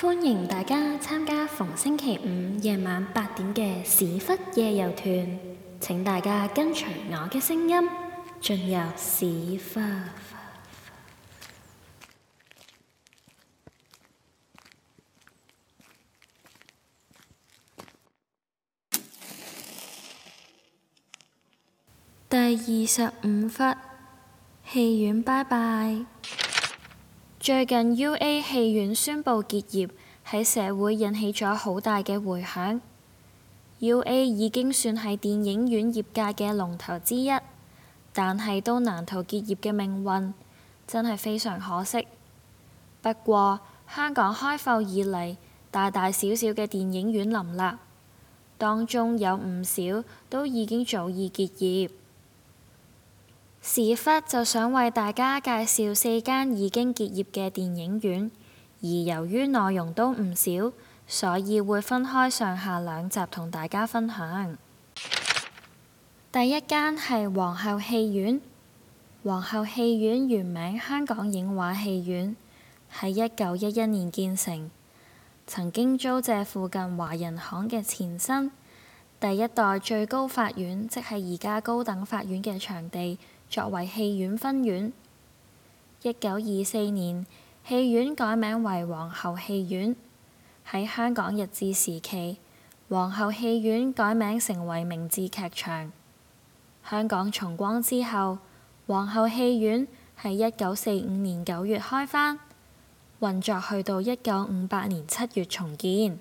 歡迎大家參加逢星期五夜晚八點嘅史窟夜遊團。請大家跟隨我嘅聲音進入史窟。第二十五窟，戲院拜拜。最近 UA 戲院宣布結業，喺社會引起咗好大嘅回響。UA 已經算係電影院業界嘅龍頭之一，但係都難逃結業嘅命運，真係非常可惜。不過香港開埠以嚟，大大小小嘅電影院林立，當中有唔少都已經早已結業。史窟就想為大家介紹四間已經結業嘅電影院，而由於內容都唔少，所以會分開上下兩集同大家分享。第一間係皇后戲院。皇后戲院原名香港影畫戲院，喺一九一一年建成，曾經租借附近華人行嘅前身，第一代最高法院，即係而家高等法院嘅場地。作為戲院分院，一九二四年戲院改名為皇后戲院。喺香港日治時期，皇后戲院改名成為明治劇場。香港重光之後，皇后戲院喺一九四五年九月開返，運作去到一九五八年七月重建。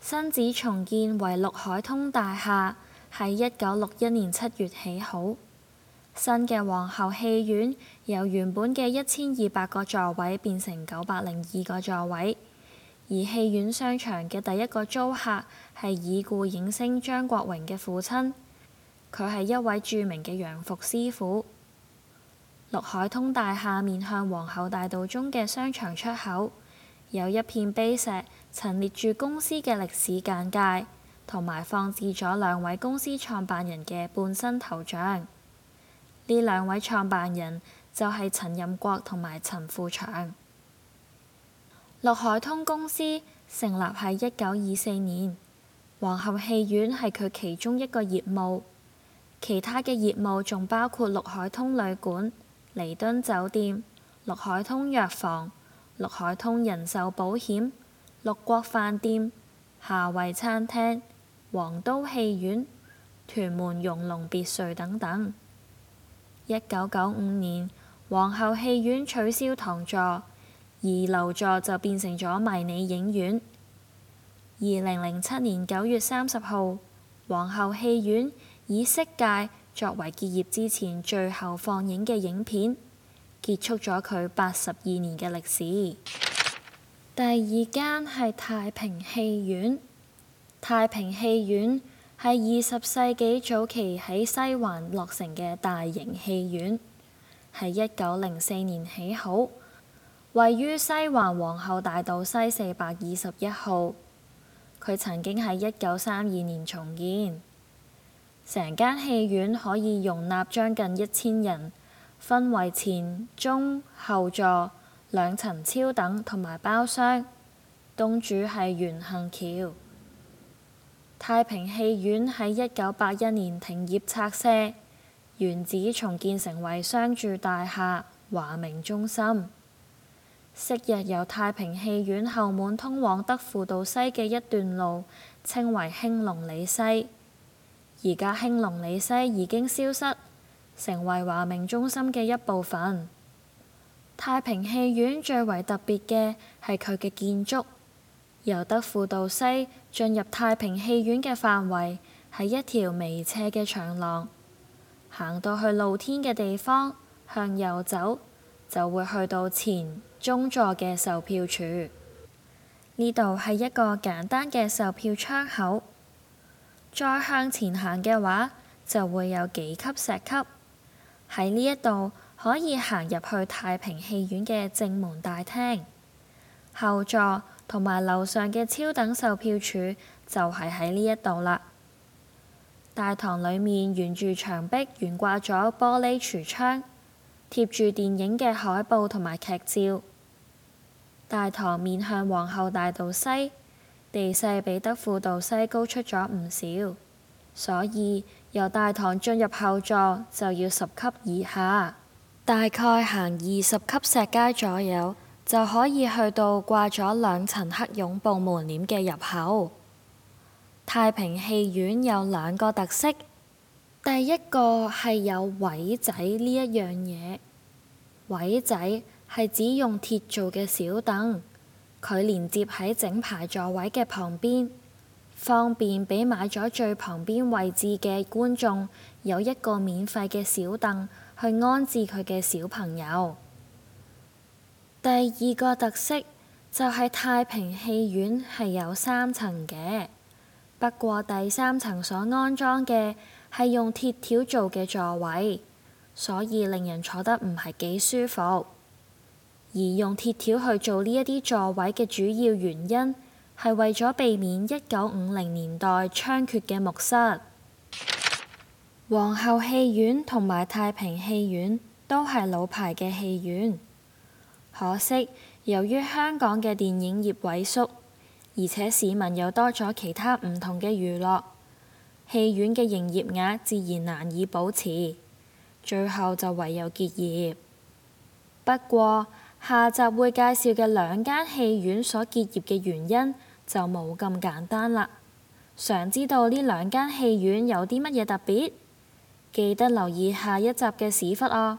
新址重建為陸海通大廈，喺一九六一年七月起好。新嘅皇后戲院由原本嘅一千二百個座位變成九百零二個座位，而戲院商場嘅第一個租客係已故影星張國榮嘅父親，佢係一位著名嘅洋服師傅。陸海通大廈面向皇后大道中嘅商場出口，有一片碑石，陳列住公司嘅歷史簡介，同埋放置咗兩位公司創辦人嘅半身頭像。呢兩位創辦人就係陳任國同埋陳富祥。陸海通公司成立喺一九二四年，皇后戲院係佢其中一個業務，其他嘅業務仲包括陸海通旅館、彌敦酒店、陸海通藥房、陸海通人壽保險、六國飯店、夏惠餐廳、皇都戲院、屯門容龍別墅等等。一九九五年，皇后戲院取消堂座，而樓座就變成咗迷你影院。二零零七年九月三十號，皇后戲院以《色戒》作為結業之前最後放映嘅影片，結束咗佢八十二年嘅歷史。第二間係太平戲院，太平戲院。係二十世紀早期喺西環落成嘅大型戲院，係一九零四年起好，位於西環皇后大道西四百二十一號。佢曾經喺一九三二年重建，成間戲院可以容納將近一千人，分為前、中、後座、兩層超等同埋包廂。東主係袁幸橋。太平戲院喺一九八一年停業拆卸，原址重建成為商住大廈華明中心。昔日由太平戲院後門通往德輔道西嘅一段路，稱為興隆里西。而家興隆里西已經消失，成為華明中心嘅一部分。太平戲院最為特別嘅係佢嘅建築。由德輔道西進入太平戲院嘅範圍，係一條微斜嘅長廊，行到去露天嘅地方，向右走就會去到前中座嘅售票處。呢度係一個簡單嘅售票窗口。再向前行嘅話，就會有幾級石級，喺呢一度可以行入去太平戲院嘅正門大廳後座。同埋樓上嘅超等售票處就係喺呢一度啦。大堂裡面沿住牆壁懸掛咗玻璃櫥窗，貼住電影嘅海報同埋劇照。大堂面向皇后大道西，地勢比德輔道西高出咗唔少，所以由大堂進入後座就要十級以下，大概行二十級石階左右。就可以去到掛咗兩層黑絨布門簾嘅入口。太平戲院有兩個特色，第一個係有位仔呢一樣嘢。位仔係指用鐵做嘅小凳，佢連接喺整排座位嘅旁邊，方便畀買咗最旁邊位置嘅觀眾有一個免費嘅小凳去安置佢嘅小朋友。第二個特色就係太平戲院係有三層嘅，不過第三層所安裝嘅係用鐵條做嘅座位，所以令人坐得唔係幾舒服。而用鐵條去做呢一啲座位嘅主要原因係為咗避免一九五零年代猖獗嘅木蝨。皇后戲院同埋太平戲院都係老牌嘅戲院。可惜，由於香港嘅電影業萎縮，而且市民又多咗其他唔同嘅娛樂，戲院嘅營業額自然難以保持，最後就唯有結業。不過，下集會介紹嘅兩間戲院所結業嘅原因就冇咁簡單啦。想知道呢兩間戲院有啲乜嘢特別？記得留意下一集嘅史窟哦！